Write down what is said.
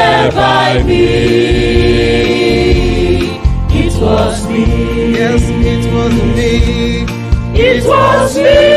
there by me. It was me. Yes, it was me. It was me.